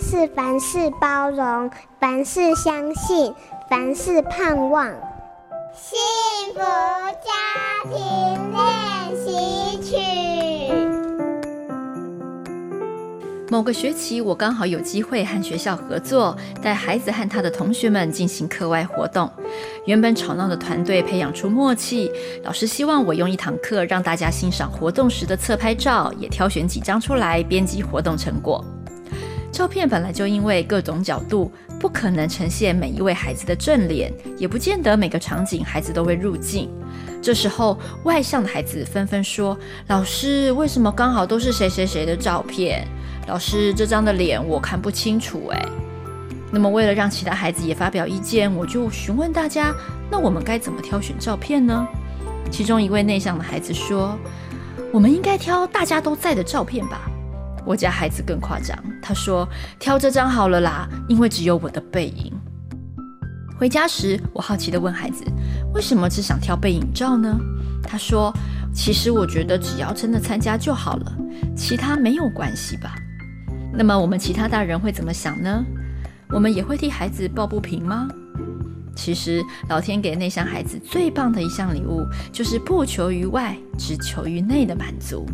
是凡事包容，凡事相信，凡事盼望。幸福家庭練習曲。某個學期，我剛好有機會和學校合作，帶孩子和他的同學們進行課外活動。原本吵鬧的團隊培養出默契，老師希望我用一堂課讓大家欣賞活動時的側拍照，也挑選幾張出來編輯活動成果。照片本來就因為各種角度，不可能呈現每一位孩子的正臉，也不見得每個場景孩子都會入鏡。這時候，外向的孩子紛紛說：“老師，為什麼剛好都是誰誰誰的照片？”“老師，這張的臉我看不清楚。”哎，那麼為了讓其他孩子也發表意見，我就詢問大家：“那我們該怎麼挑選照片呢？”其中一位內向的孩子說：“我們應該挑大家都在的照片吧。”我家孩子更誇張，他說挑這張好了啦，因為只有我的背影。回家時，我好奇地問孩子，為什麼只想挑背影照呢？他說，其實我覺得只要真的參加就好了，其他沒有關係吧。那麼我們其他大人會怎麼想呢？我們也會替孩子抱不平嗎？其實，老天給內向孩子最棒的一項禮物，就是不求於外，只求於內的滿足。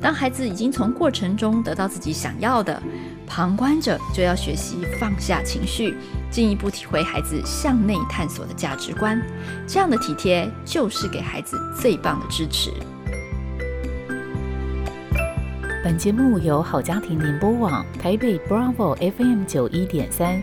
當孩子已經從過程中得到自己想要的，旁觀者就要學習放下情緒，進一步體會孩子向內探索的價值觀。這樣的體貼，就是給孩子最棒的支持。本節目由好家庭聯播網、台北 Bravo FM 九一點三。